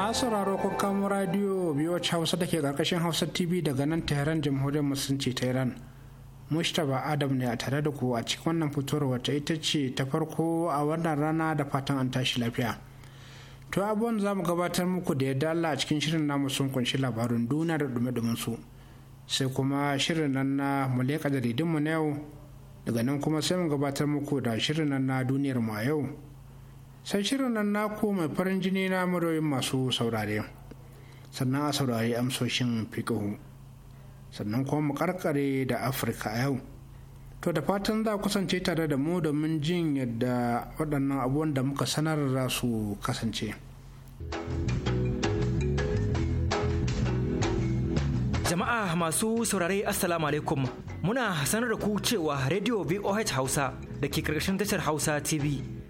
masu sauraro kun kamo radio biyoci hausa da ke karkashin hausa tv daga nan tehran jamhuriyar musulunci ta iran mustapha adam ne a tare da ku a cikin wannan fitowar wacce ita ce ta farko a wannan rana da fatan an tashi lafiya to abubuwan za mu gabatar muku da yadda dala a cikin shirin namu sun kunshi labarin duniya da dume su sai kuma shirin nan na muleka jaridunmu na yau daga nan kuma sai mu gabatar muku da shirin nan na duniyar mu a yau sai shirin nan naku mai farin jini na muryoyin masu saurare sannan a saurari amsoshin fikihu sannan kuma mu karkare da afirka a yau to da fatan za kusance tare da mu domin jin yadda waɗannan abubuwan da muka sanar za su kasance jama'a masu saurare assalamu alaikum muna sanar da ku cewa radio voh hausa da ke tashar hausa tv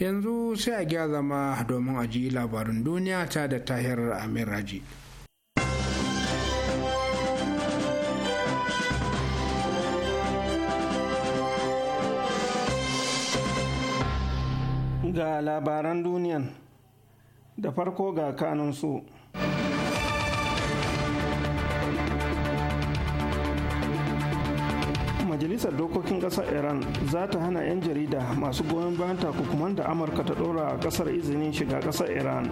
yanzu sai a gya zama domin a ji labarin duniya ta da tahir amir raji ga labaran duniyan da farko ga kanunsu majalisar dokokin kasar iran za ta hana 'yan jarida masu goyon bayan takukuman da amurka ta dora a kasar izinin shiga kasar iran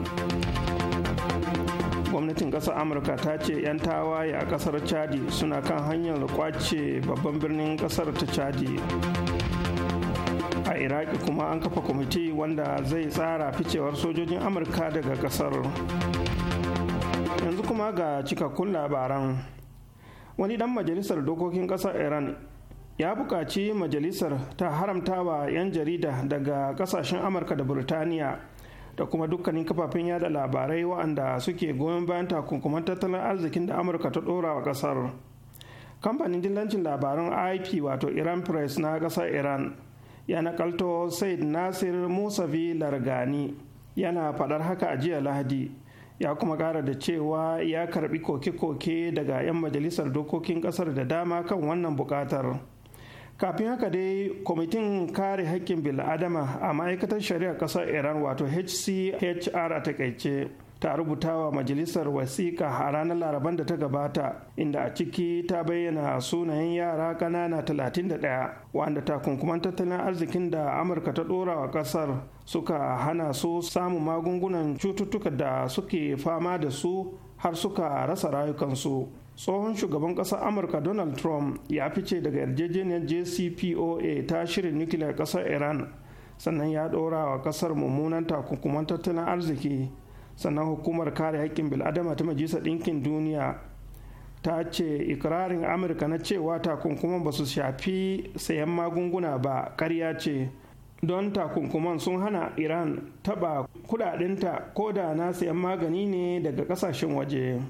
gwamnatin kasar amurka ta ce 'yan tawaye a kasar chadi suna kan hanyar kwace babban birnin kasar ta chadi a iraki kuma an kafa kwamiti wanda zai tsara ficewar sojojin amurka daga kasar yanzu kuma ga cikakkun labaran wani dan majalisar dokokin kasar iran ya bukaci majalisar ta haramtawa 'yan jarida daga ƙasashen amurka da burtaniya da kuma dukkanin kafafen yada labarai waɗanda suke goyon bayan takunkuman tattalin arzikin da amurka ta ɗora wa ƙasar kamfanin dillancin labaran ip wato iran press na ƙasar iran ya nakalto said nasir musavi largani yana faɗar haka a jiya lahadi ya kuma ƙara da cewa ya karɓi koke-koke daga 'yan majalisar dokokin ƙasar da dama kan wannan buƙatar. kafin haka dai kwamitin kare haƙƙin bil'adama a ma'aikatar shari'a ƙasar iran wato hchr a takaice ta rubuta wa majalisar wasiƙa a ranar laraban da ta gabata inda a ciki ta bayyana sunayen yara ƙanana 31 wanda takunkuman tattalin arzikin da amurka ta ɗora wa ƙasar suka hana su samun magungunan cututtuka da suke fama da su har suka rasa rayukansu tsohon shugaban ƙasar amurka donald trump ya fice daga yarjejeniyar jcpoa ta shirin nukiliyar ƙasar iran sannan ya ɗora wa ƙasar mummunan takunkuman tattalin arziki sannan hukumar kare haƙƙin bil'adama ta majalisar ɗinkin duniya ta ce ikirarin amurka na cewa takunkuman ba su shafi sayan magunguna ba karya ce don takunkuman sun hana iran taɓa kudadinta ko da na sayan magani ne daga ƙasashen waje.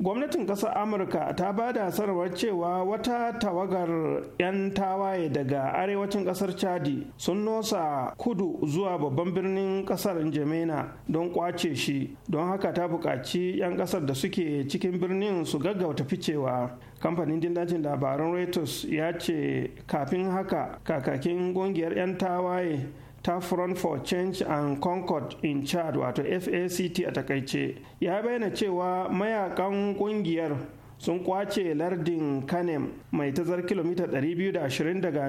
gwamnatin ƙasar amurka ta ba da sanarwar cewa wata tawagar 'yan tawaye daga arewacin ƙasar chadi sun nosa kudu zuwa babban birnin ƙasar jemena don kwace shi don haka ta buƙaci 'yan ƙasar da suke cikin birnin su gaggauta ficewa kamfanin dillacin labaran reuters ya ce kafin haka kakakin ƙungiyar 'yan tawaye ta front for change and concord in chad wato fact a takaice ya bayyana cewa mayakan kungiyar sun kwace lardin kanem mai tazar kilomita 220 daga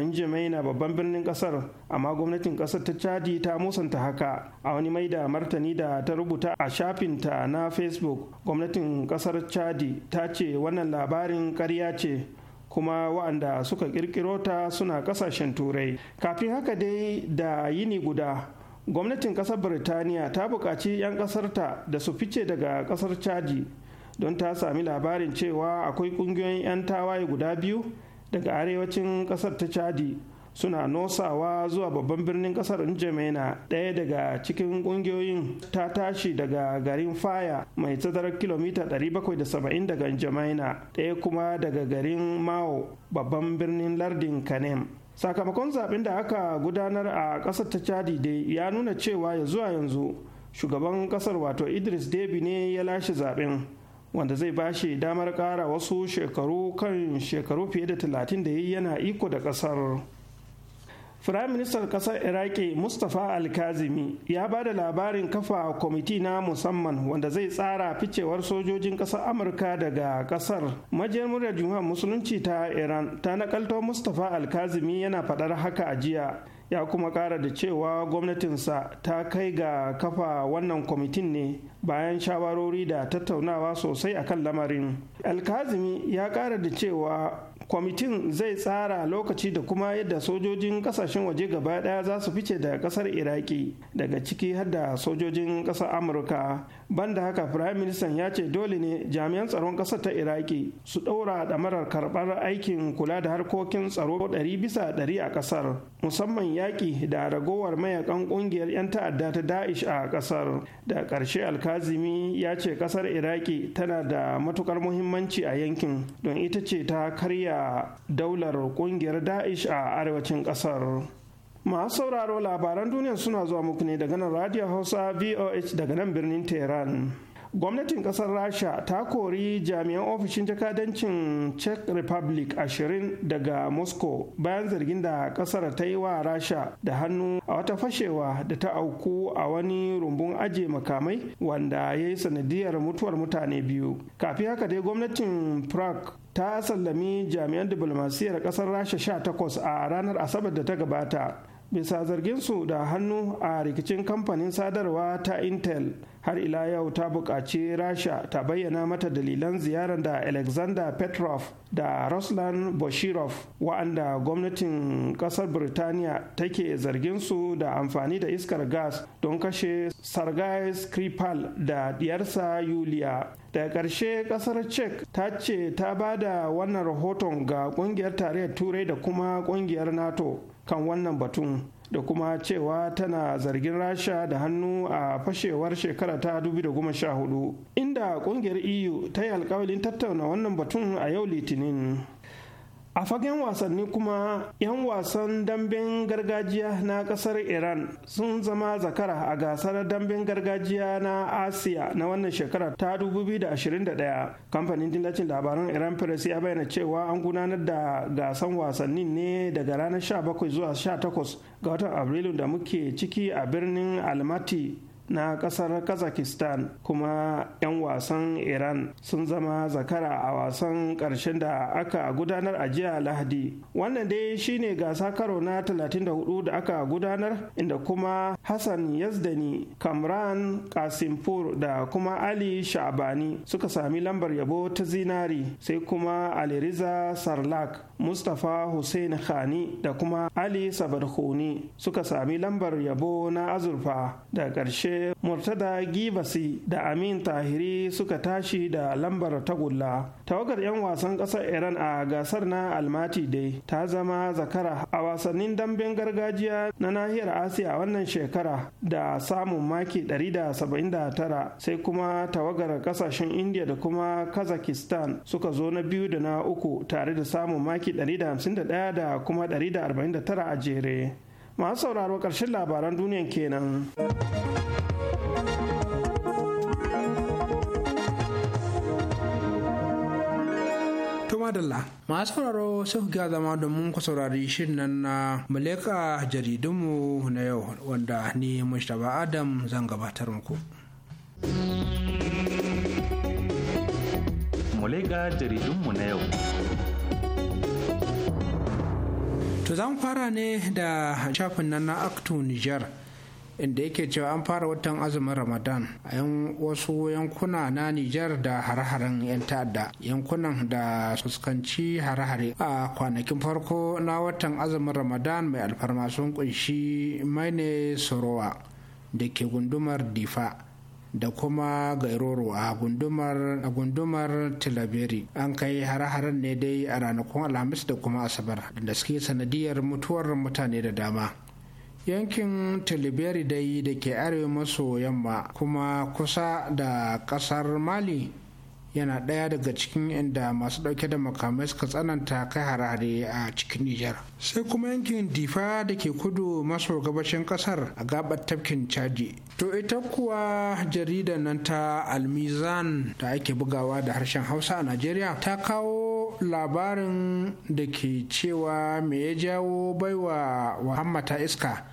na babban birnin kasar amma gwamnatin kasar ta chadi ta musanta haka a wani mai da martani da ta rubuta a shafinta na facebook gwamnatin kasar chadi ta ce wannan labarin karya ce kuma waɗanda suka ƙirƙiro ta suna ƙasashen turai kafin haka dai da yini guda gwamnatin ƙasar birtaniya ta buƙaci 'yan ƙasarta da su fice daga ƙasar chadi don ta sami labarin cewa akwai ƙungiyoyin 'yan tawaye guda biyu daga arewacin ƙasar ta chadi suna nosawa zuwa babban birnin kasar N'Djamena ɗaya daga cikin ƙungiyoyin ta tashi daga garin Faya mai tazarar kilomita 770 daga N'Djamena ɗaya kuma daga garin Mao babban birnin lardin Kanem. Sakamakon zaɓen da aka gudanar a ƙasar ta Chadi dai ya nuna cewa ya zuwa yanzu shugaban ƙasar wato Idris Deby ne ya lashe zaɓen, wanda zai ba shi damar ƙara wasu shekaru kan shekaru fiye da talatin da yi yana iko da ƙasar. firayim ministan kasar iraki mustapha alkazimi ya ba da labarin kafa kwamiti na musamman wanda zai tsara ficewar sojojin ƙasar amurka daga ƙasar. majiyar murya Juma musulunci ta iran ta nakalto mustapha alkazimi yana faɗar haka a jiya ya kuma ƙara da cewa gwamnatinsa ta kai ga kafa wannan kwamitin ne bayan shawarori da tattaunawa sosai akan lamarin alkazimi ya ƙara da cewa kwamitin zai tsara lokaci da kuma yadda sojojin kasashen waje gaba daya za su fice daga kasar iraki daga ciki har sojojin kasar amurka banda haka firayim ministan ya ce dole ne jami'an tsaron ƙasar ta iraki su ɗaura ɗamarar karɓar aikin kula da harkokin tsaro ɗari bisa ɗari a ƙasar musamman yaƙi da ragowar mayakan ƙungiyar 'yan ta'adda ta da'ish a ƙasar da ƙarshe alkazimi ya ce ƙasar iraki tana da matukar muhimmanci a yankin don ita ce ta karya daular ƙungiyar da'ish a arewacin ƙasar masu sauraro labaran duniya suna zuwa muku ne daga nan radio hausa voh daga nan birnin tehran gwamnatin kasar rasha ta kori jami'an ofishin jakadancin czech republic 20 daga moscow bayan zargin da kasar ta yi wa rasha da hannu a wata fashewa da ta auku a wani rumbun aje makamai wanda ya yi sanadiyar mutuwar mutane biyu kafi haka dai gwamnatin prague ta sallami jami'an diplomasiyar kasar rasha 18 a ranar asabar da ta gabata bisa zarginsu da hannu a rikicin kamfanin sadarwa ta intel har ila yau ta buƙaci rasha ta bayyana mata dalilan ziyarar da alexander petrov da ruslan boshirov wa'anda gwamnatin ƙasar birtaniya take zarginsu da amfani da iskar gas don kashe sergei skripal da diyarsa yulia Da ƙarshe ƙasar czech ta ce ta ba da wannan rahoton ga ƙungiyar tarayyar turai da kuma ƙungiyar nato kan wannan batun da kuma cewa tana zargin rasha da hannu a fashewar shekara ta 2014 inda kungiyar eu ta yi alkawalin tattauna wannan batun a yau litinin a fagen wasanni kuma 'yan wasan damben gargajiya na kasar iran sun zama zakara a gasar damben gargajiya na asiya na wannan shekara ta 2021 kamfanin dillacin labaran iran press ya bayyana cewa an gudanar da gasan wasanni ne daga ranar 17 zuwa 18 ga watan abrilu da muke ciki a birnin Almati. na kasar kazakistan kuma 'yan wasan iran sun zama zakara a wasan ƙarshen da aka gudanar a jiya lahadi wannan dai shine gasa karo na 34 da aka gudanar inda kuma hassan yazdani kamran kasimpur da kuma ali sha'abani suka sami lambar yabo ta zinari sai kuma aliriza sarlak mustapha hussein khani da kuma ali sabar suka sami lambar yabo na azurfa da ƙarshe murtada gibasi da amin tahiri suka tashi da lambar tagulla tawagar 'yan wasan ƙasar iran a gasar na almati dai ta zama zakara a wasannin damben gargajiya na nahiyar asiya wannan shekara da samun maki 179 sai kuma tawagar ƙasashen india da kuma kazakistan suka zo na biyu da na uku tare da samun maki 151 da kuma 149 a jere masu sauraro ƙarshen labaran duniyan kenan. la. masu sauraro sun ga zama domin ku saurari shirin nan na jaridunmu na yau wanda ni mustapha adam zan gabatar muku muleka jaridunmu na yau to zan fara ne da shafin nan na aktu nijar inda yake cewa an fara watan azumin ramadan a yan wasu yankuna na nijar da hare-haren 'yan ta'adda yankunan da fuskanci hare-hare a kwanakin farko na watan azumin ramadan mai alfarma sun kunshi maine sorowa da ke gundumar difa da kuma gairoro a gundumar tilaberi an kai hare-haren ne dai a ranakun alhamis da kuma asabar da suke sanadiyar mutuwar mutane da dama yankin tilibiri dai da ke arewa maso yamma kuma kusa da kasar mali yana ɗaya daga cikin inda masu ɗauke da makamai suka tsananta kai harare a cikin nijar sai kuma yankin difa da ke kudu maso gabashin kasar a gabar tafkin chadi to ita kuwa jaridar nan ta almizan da ake bugawa da harshen hausa a najeriya ta kawo labarin da ke cewa me ya jawo baiwa wahammata iska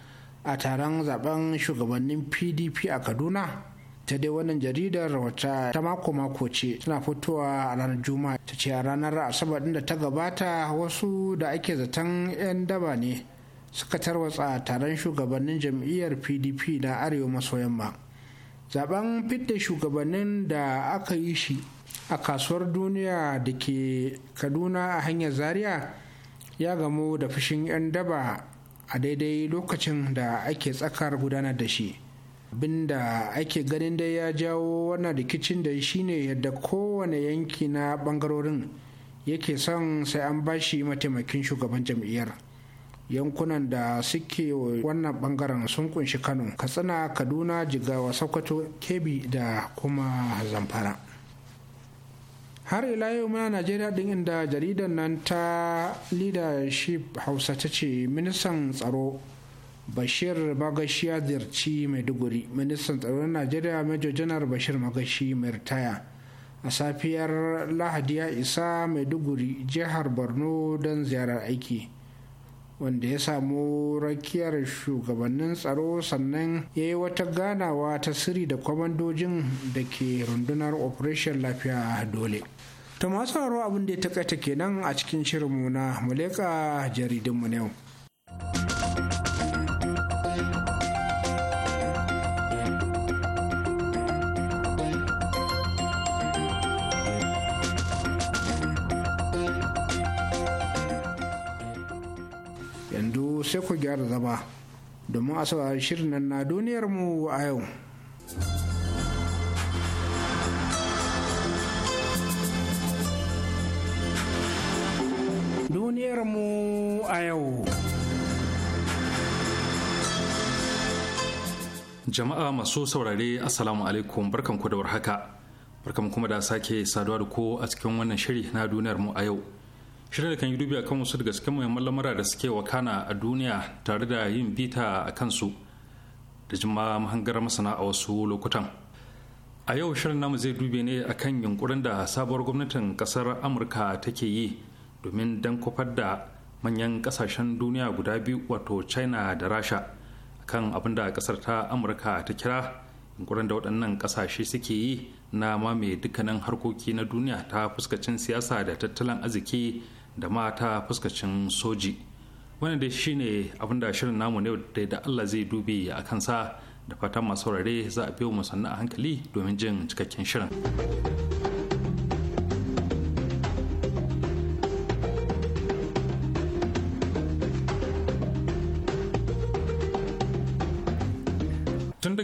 a taron zaben shugabannin pdp a kaduna ta dai wannan jaridar wata ta mako-mako ce tana fitowa a ranar juma'a ta ce a ranar asabar da ta gabata wasu da ake zaton 'yan daba ne suka tarwatsa taron shugabannin jam'iyyar pdp na arewa maso yamma zaben fidda shugabannin da aka yi shi a kasuwar duniya da ke kaduna a hanyar zaria ya gamu da fushin 'yan daba a daidai lokacin da ake tsakar gudanar da shi abinda ake ganin dai ya jawo wannan rikicin da shine yadda kowane yanki na bangarorin yake son sai an bashi mataimakin shugaban jam'iyyar yankunan da suke wannan bangaren sun kunshi kano katsina kaduna jigawa sokoto kebi da kuma zamfara har ila yau muna najeriya din inda jaridar nan ta leadership hausa ta ce ministan tsaro bashir magashi ya ziyarci maiduguri ministan Tsaro tsaron najeriya major janar bashir magashi mai ritaya a safiyar lahadi ya isa maiduguri jihar borno don ziyarar aiki wanda ya samu rakiyar shugabannin tsaro sannan ya yi wata ganawa ta siri da kwamandojin da ke rundunar operation lafiya dole To masu haro abin da ya takaita kenan a cikin shirinmu na muleka jaridunmu na yau. Yanzu sai ku gyara zama domin a saurari shirin nan na duniyarmu a yau. duniyarmu a yau. Jama'a masu saurare Assalamu alaikum barkanku da warhaka. Barkan kuma da sake saduwa da ko a cikin wannan shiri na duniyarmu a yau. Shirin da kan yi dubi akan wasu daga cikin muhimman lamura da suke wakana a duniya tare da yin bita a kansu da jima mahangar masana a wasu lokutan. A yau shirin namu zai dube ne akan yunkurin da sabuwar gwamnatin kasar Amurka take yi domin don kufar da manyan kasashen duniya guda biyu wato china da rasha kan abin da kasar ta amurka ta kira yunkurin da waɗannan kasashe suke yi na mai dukkanin harkoki na duniya ta fuskacin siyasa da tattalin arziki da ma ta fuskacin soji wannan dai ne abin da shirin namu ne da da allah zai dube a kansa da fatan masu za a biyo mu sannan a hankali domin jin cikakken shirin.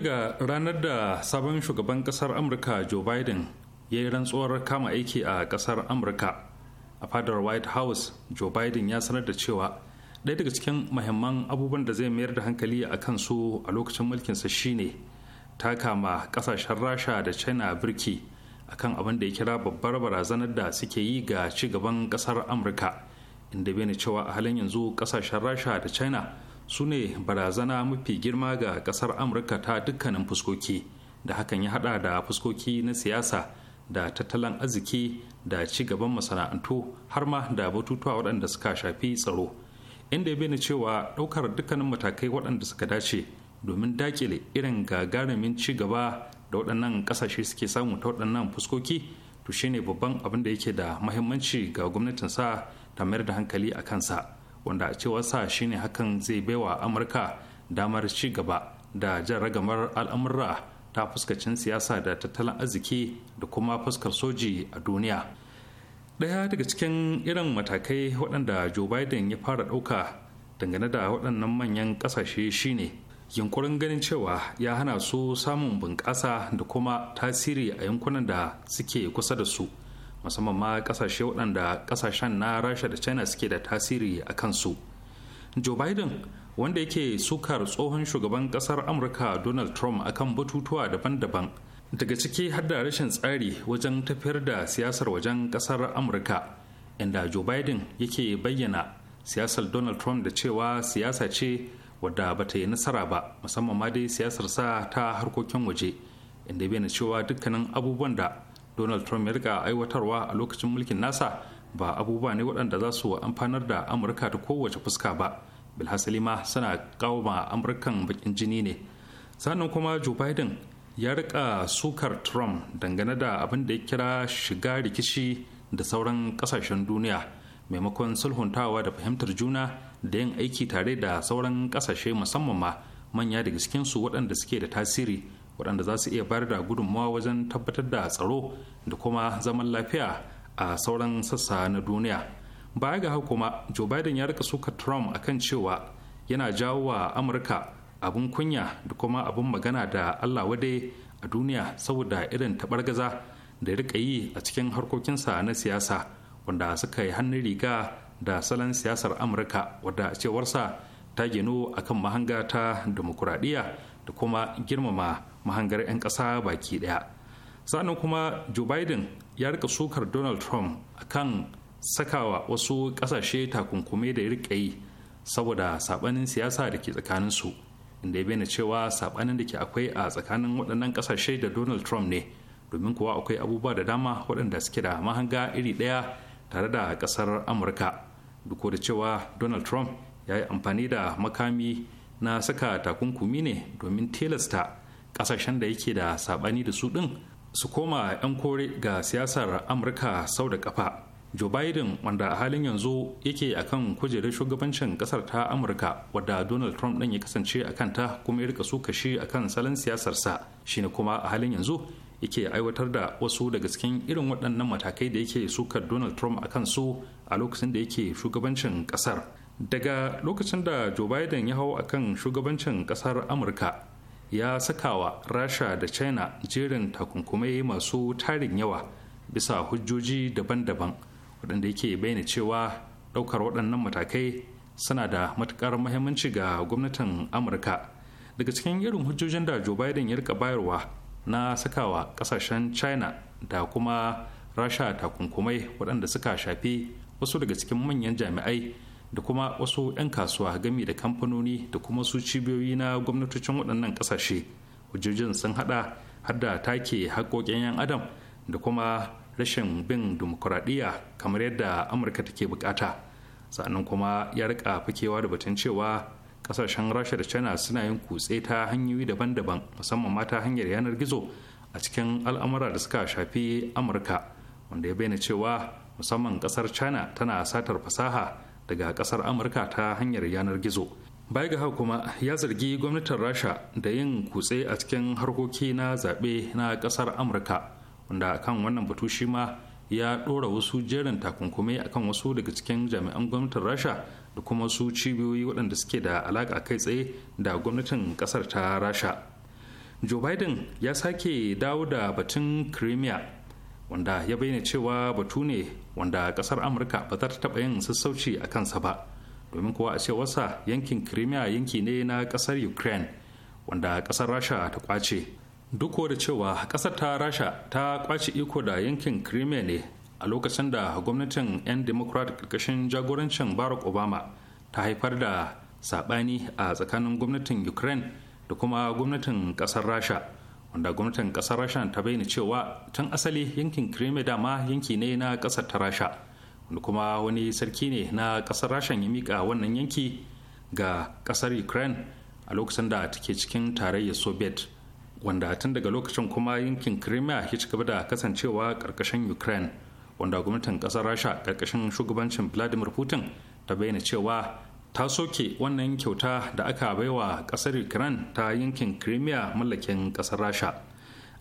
ga ranar da sabon shugaban kasar amurka joe biden ya yi rantsuwar kama aiki a kasar amurka a fadar white house joe biden ya sanar da cewa ɗaya daga cikin mahimman abubuwan da zai mayar da hankali a kansu a lokacin mulkinsa shine ta kama kasashen rasha da china birki akan abin da ya kira babbar barazanar da suke yi ga ci gaban ƙasar amurka inda bai cewa a halin yanzu kasashen rasha da china su ne barazana mafi girma ga kasar amurka ta dukkanin fuskoki da hakan ya hada da fuskoki na siyasa da tattalin arziki da ci gaban masana'antu har ma da batutuwa waɗanda suka shafi tsaro inda ya bayyana cewa ɗaukar dukkanin matakai waɗanda suka dace domin dakile irin gagarumin ci gaba da waɗannan ƙasashe suke samu ta waɗannan fuskoki to shine babban abin da yake da mahimmanci ga gwamnatin sa ta mayar da hankali a kansa wanda a cewar sa shine hakan zai baiwa amurka damar ci gaba da jan ragamar al'amurra ta fuskacin siyasa da tattalin arziki da kuma fuskar soji a duniya ɗaya daga cikin irin matakai waɗanda joe biden ya fara ɗauka dangane da waɗannan manyan ƙasashe shine yunkurin ganin cewa ya hana su samun bunƙasa da kuma tasiri a yankunan da suke kusa da su musamman ma kasashe waɗanda kasashen na rasha da china suke da tasiri a kansu joe biden wanda yake sukar tsohon shugaban kasar amurka donald trump akan batutuwa daban-daban daga ciki har da rashin tsari wajen tafiyar da siyasar wajen kasar amurka inda joe biden yake bayyana siyasar donald trump da cewa siyasa ce wadda ba ta yi nasara ba musamman ma dai siyasarsa ta harkokin waje inda bayyana cewa dukkanin abubuwan da donald trump ya riƙa aiwatarwa a lokacin mulkin nasa ba abubuwa ne waɗanda za su amfanar da amurka ta kowace fuska ba bilhassali ma suna kawo ma amurkan bakin jini ne sannan kuma joe biden ya riƙa sukar trump dangane da abin da ya kira shiga rikici da sauran kasashen duniya maimakon sulhuntawa da fahimtar juna da yin aiki tare da sauran kasashe musamman ma manya da cikinsu waɗanda suke da tasiri waɗanda za su iya bayar da gudunmawa wajen tabbatar da tsaro da kuma zaman lafiya a sauran sassa na duniya baya ga haka kuma joe biden ya rika suka trump akan cewa yana jawo wa amurka abin kunya da kuma abin magana da allah wade a duniya saboda irin taɓargaza da ya rika yi a cikin harkokinsa na siyasa wanda suka yi hannun riga da salon siyasar amurka wadda cewarsa ta genu akan mahanga ta demokuraɗiyya da kuma girmama mahangar 'yan ƙasa baki ɗaya sannan kuma joe biden ya rika sukar donald trump a kan sakawa wasu ƙasashe takunkumi da ya rika yi saboda sabanin siyasa da ke tsakanin tsakaninsu inda ya bayyana cewa sabanin da ke akwai a tsakanin waɗannan ƙasashe da donald trump ne domin kuwa akwai abubuwa da dama waɗanda suke da mahanga iri ɗaya tare da ƙasar amurka duk da cewa donald trump ya yi amfani da makami na saka takunkumi ne domin tilasta kasashen da yake da sabani da su din su koma 'yan kore ga siyasar amurka sau da kafa joe biden wanda a halin yanzu yake kan kujerar shugabancin kasar ta amurka wadda donald trump din ya kasance a kanta kuma ya rika su a kan salon siyasarsa shine kuma a halin yanzu yake aiwatar da wasu daga cikin irin waɗannan matakai da yake sukar donald trump a kan su a lokacin da yake shugabancin kasar daga lokacin da joe biden ya hau a kan shugabancin kasar amurka ya saka wa rasha da china jerin takunkumai masu tarin yawa bisa hujjoji daban-daban waɗanda yake bayyana cewa ɗaukar waɗannan matakai suna da matuƙar muhimmanci ga gwamnatin amurka daga cikin irin hujjojin da joe biden ya rika bayarwa na sakawa ƙasashen china da kuma rasha takunkumai waɗanda suka shafi wasu daga cikin manyan jami'ai da kuma wasu 'yan kasuwa gami da kamfanoni da kuma su cibiyoyi na gwamnatocin waɗannan ƙasashe hujjojin sun haɗa har da take haƙoƙin 'yan adam da kuma rashin bin dimokuraɗiyya kamar yadda amurka take bukata sannan kuma ya rika fakewa da batun cewa ƙasashen rasha da china suna yin kutse ta hanyoyi daban-daban musamman ma ta hanyar yanar gizo a cikin al'amura da suka shafi amurka wanda ya bayyana cewa musamman ƙasar china tana satar fasaha daga kasar amurka ta hanyar yanar gizo baya ga haka kuma ya zargi gwamnatin rasha da yin kutse a cikin harkoki na zaɓe na kasar amurka wanda kan wannan batu shi ma ya ɗora wasu jerin takunkumi akan wasu daga cikin jami'an gwamnatin rasha da kuma su cibiyoyi waɗanda suke da alaƙa kai tsaye da gwamnatin kasar ta rasha joe biden ya sake dawo da batun crimea wanda ya bayyana cewa batu ne wanda kasar amurka ba za ta taɓa yin sassauci a kansa ba domin kuwa a cewarsa yankin crimea yanki ne na kasar ukraine wanda kasar rasha ta kwace duk da cewa kasar ta rasha ta kwace iko da yankin crimea ne a lokacin da gwamnatin 'yan democrat ƙarƙashin jagorancin barack obama ta haifar da saɓani a tsakanin gwamnatin ukraine da kuma gwamnatin ƙasar rasha wanda gwamnatin kasar rasha ta bayyana cewa tun asali yankin crimea dama yanki ne na kasar ta rasha wanda kuma wani sarki ne na kasar rasha ya mika wannan yanki ga kasar ukraine a lokacin da take cikin tarayyar soviet wanda tun daga lokacin kuma yankin crimea ya ci gaba da kasancewa karkashin ukraine wanda gwamnatin kasar rasha karkashin shugabancin vladimir putin ta bayyana cewa ta soke wannan kyauta da aka baiwa kasar ukraine ta yankin crimea mallakin kasar rasha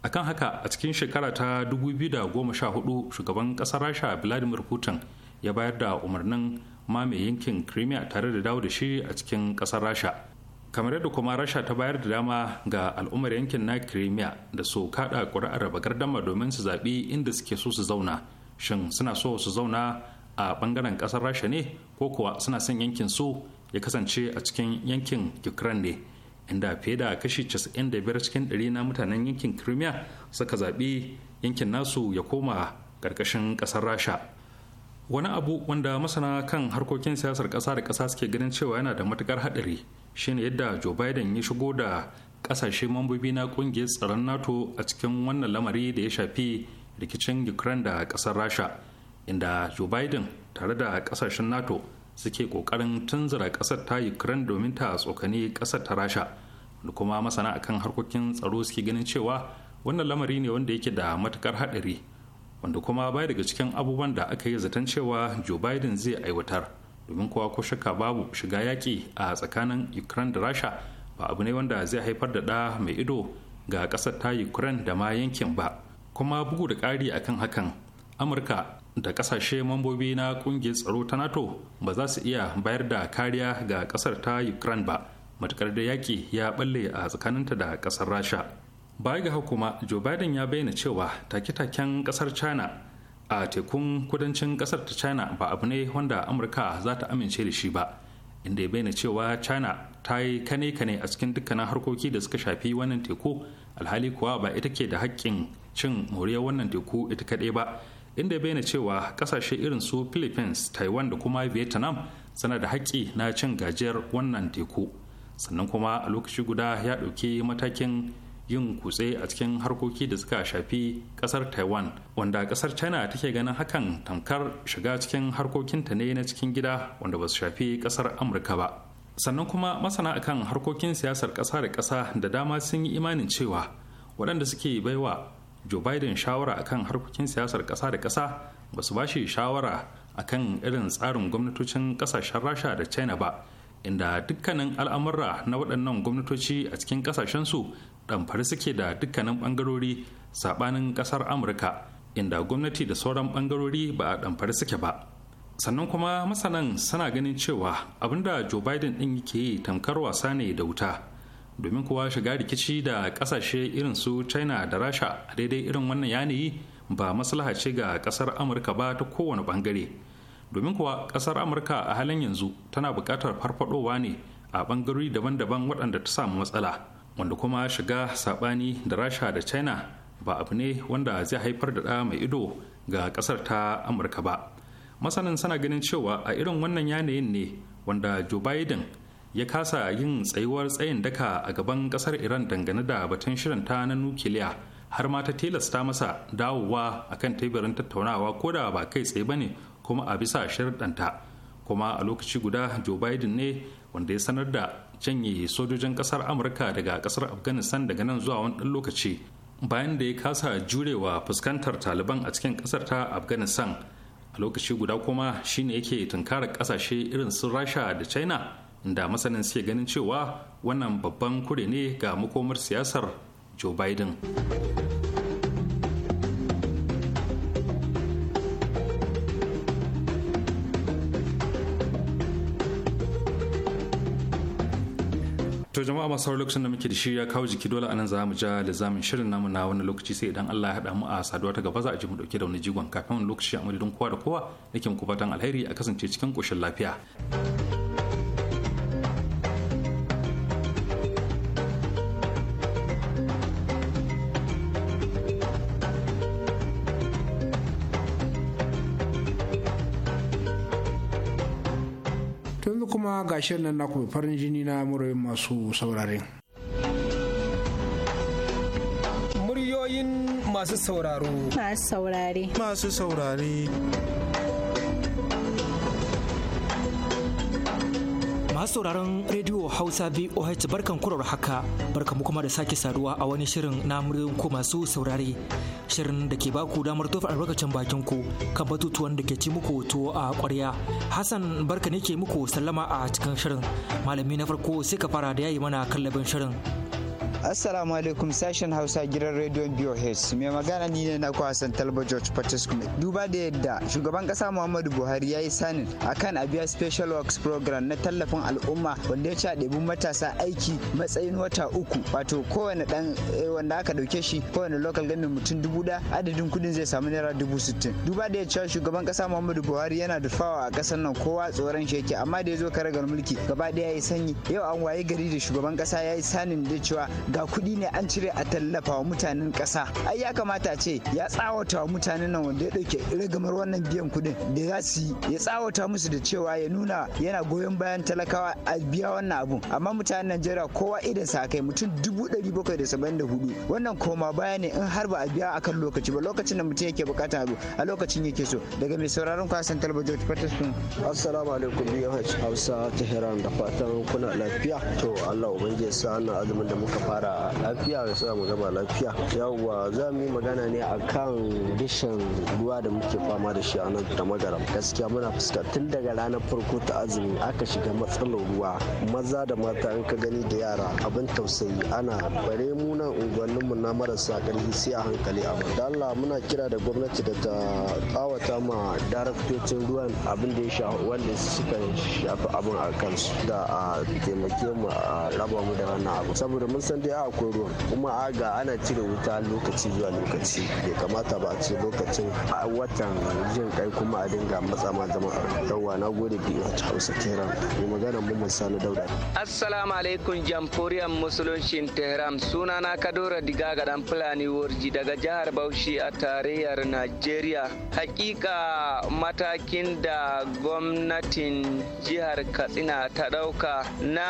akan haka a cikin shekara ta 2014 shugaban kasar rasha vladimir putin ya bayar da umarnin mame yankin crimea tare da dawo da shi a cikin kasar rasha kamar yadda kuma rasha ta bayar da dama ga al'ummar yankin na crimea da su kada kuri'ar raba gardama domin su zaɓi inda suke so su zauna shin suna so su zauna a ɓangaren ƙasar rasha ne ko kuwa suna son yankin su ya kasance a cikin yankin ukraine ne inda fiye da kashi 95 cikin 100 na mutanen yankin crimea suka zaɓi yankin nasu ya koma ƙarƙashin ƙasar rasha wani abu wanda masana kan harkokin siyasar ƙasa da ƙasa suke ganin cewa yana da matuƙar haɗari shine yadda joe biden ya shigo da ƙasashe mambobi na ƙungiyar tsaron nato a cikin wannan lamari da ya shafi rikicin ukraine da ƙasar rasha inda joe biden tare da kasashen nato suke kokarin tunzura kasar ta ukraine domin ta tsokane kasar ta rasha da kuma masana akan harkokin tsaro suke ganin cewa wannan lamari ne wanda yake da matukar haɗari wanda kuma baya daga cikin abubuwan da aka yi zaton cewa joe biden zai aiwatar domin kowa ko shakka babu shiga yaƙi a tsakanin ukraine da rasha ba abu ne wanda zai haifar da ɗa mai ido ga ƙasar ta ukraine da ma yankin ba kuma bugu da ƙari akan hakan amurka da kasashe mambobi na kungiyar tsaro ta nato ba za su iya bayar da kariya ga kasar ta ukraine ba matukar da yaƙi ya balle a tsakaninta da kasar rasha baya ga kuma joe biden ya bayyana cewa take-taken kasar china a tekun kudancin kasar ta china ba abu ne wanda amurka za ta amince da shi ba inda ya bayyana cewa china ta yi kane-kane a cikin dukkanin harkoki da suka shafi wannan teku alhali kuwa ba ita ke da haƙƙin cin moriyar wannan teku ita kaɗai ba inda bai bayyana cewa kasashe irin su philippines taiwan da kuma vietnam suna da haƙƙi na cin gajiyar wannan teku sannan kuma a lokaci guda ya ɗauki matakin yin kutse a cikin harkoki da suka shafi ƙasar taiwan wanda ƙasar china take ganin hakan tamkar shiga cikin harkokinta ne na cikin gida wanda ba su shafi ƙasar amurka ba sannan kuma masana akan harkokin siyasar ƙasa da ƙasa da dama sun yi imanin cewa waɗanda suke baiwa joe biden shawara akan harkokin siyasar ƙasa da ƙasa ba su ba shi shawara akan irin tsarin gwamnatocin ƙasashen rasha da china ba inda dukkanin al'amurra na waɗannan gwamnatoci a cikin ƙasashensu ɗamfari suke da dukkanin ɓangarori saɓanin ƙasar amurka inda gwamnati da sauran ɓangarori ba a ɗamfari suke ba sannan kuma masanan suna ganin cewa abinda joe biden ɗin yake yi tamkar wasa ne da wuta domin kuwa shiga rikici da kasashe irin su china da rasha a daidai irin wannan yanayi ba maslaha ce ga kasar amurka ba ta kowane bangare domin kuwa kasar amurka a halin yanzu tana bukatar farfadowa ne a bangarori daban-daban waɗanda ta samu matsala wanda kuma shiga saɓani da rasha da china ba abu ne wanda zai haifar da ɗa mai ido ga kasar ta amurka ba masanin sana ganin cewa a irin wannan yanayin ne wanda joe biden ya kasa yin tsayuwar tsayin daka a gaban kasar iran dangane da batun shirin ta na nukiliya har ma ta tilasta masa dawowa akan teburin tattaunawa ko da ba kai tsaye bane kuma a bisa sharɗanta kuma a lokaci guda joe biden ne wanda ya sanar da canye sojojin kasar amurka daga kasar afghanistan daga nan zuwa wani ɗan lokaci bayan da ya kasa jurewa fuskantar taliban a cikin kasar ta afghanistan a lokaci guda kuma shine yake tunkarar kasashe irin su rasha da china da masanin suke ganin cewa wannan babban kure ne ga makomar siyasar joe biden to jama'a masu sauran lokacin da muke da shi ya kawo jiki dole anan za mu ja da lizamin shirin namu na wani lokaci sai idan Allah ya haɗa mu a saduwa ta gaba za a ji mu dauke da wani jigon kafin wani lokaci a madadin kowa da kowa nake muku fatan alheri a kasance cikin koshin lafiya. kuma ga shirin nan naku farin jini na murayin masu saurare. Muryoyin masu sauraro. Masu saurare. Masu saurare. sauraron Radio Hausa VOH barkan kurar haka barkan kuma da sake saduwa a wani shirin na ku masu saurare. Shirin da ke baku damar tofa albarkacin bakin ku kan batutuwan da ke ci muku to a ƙwarya. Hassan barka ne ke muku sallama a cikin shirin. Malami na farko sai ka fara da yayi mana kallabin shirin. Assalamu alaikum sashen Hausa gidan rediyon BOH mai magana ni ne na Hassan Talba George Patiskum. Duba da yadda shugaban kasa Muhammadu Buhari ya yi sanin akan abiya Special Works Program na tallafin al'umma wanda ya ci ɗebin matasa aiki matsayin wata uku wato kowane dan eh, wanda aka dauke shi kowane local government mutum dubu da adadin kudin zai samu naira dubu sittin. Duba da yadda shugaban kasa Muhammadu Buhari yana da fawa a kasar nan kowa tsoron shi yake amma da ya zo karagar mulki gaba ɗaya ya yi sanyi yau an waye gari da shugaban kasa ya yi sanin da cewa ga kuɗi ne an cire a tallafa wa mutanen ƙasa ai ya kamata ce ya tsawata wa mutanen nan wanda ya ɗauke ragamar wannan biyan kuɗin da za su yi ya tsawata musu da cewa ya nuna yana goyon bayan talakawa a biya wannan abu amma mutanen najeriya kowa idan sa kai mutum dubu ɗari bakwai da saba'in da hudu wannan koma baya ne in har ba a biya akan lokaci ba lokacin da mutum yake bukata abu a lokacin yake so daga mai sauraron kwasan talba george patterson assalamu alaikum biyu hausa tehran da fatan kuna lafiya to allah ubangiji sa na azumin da muka fara fara lafiya ya sa mu lafiya yawwa za mu yi magana ne a kan rashin ruwa da muke fama da shi a nan da magaram gaskiya muna fuska tun daga ranar farko ta azumi aka shiga matsalar ruwa maza da mata an ka gani da yara abin tausayi ana bare mu nan unguwanninmu na marasa ƙarfi sai a hankali a da Allah muna kira da gwamnati da ta tsawata ma daraktocin ruwan abin da ya sha wanda suka shafi abin a kansu da a taimake mu a raba mu da wannan abu saboda mun san dai akwai ruwan kuma aga ana cire wuta lokaci zuwa lokaci bai kamata ba a ce lokacin a watan jin kai kuma a dinga matsa ma jama'a yawa na gode biyu a hausa tehran magana mu sani daura assalamu alaikum jamhuriyar musulunci tehran sunana kadora diga ga dan fulani warji daga jihar bauchi a tarayyar najeriya hakika matakin da gwamnatin jihar katsina ta dauka na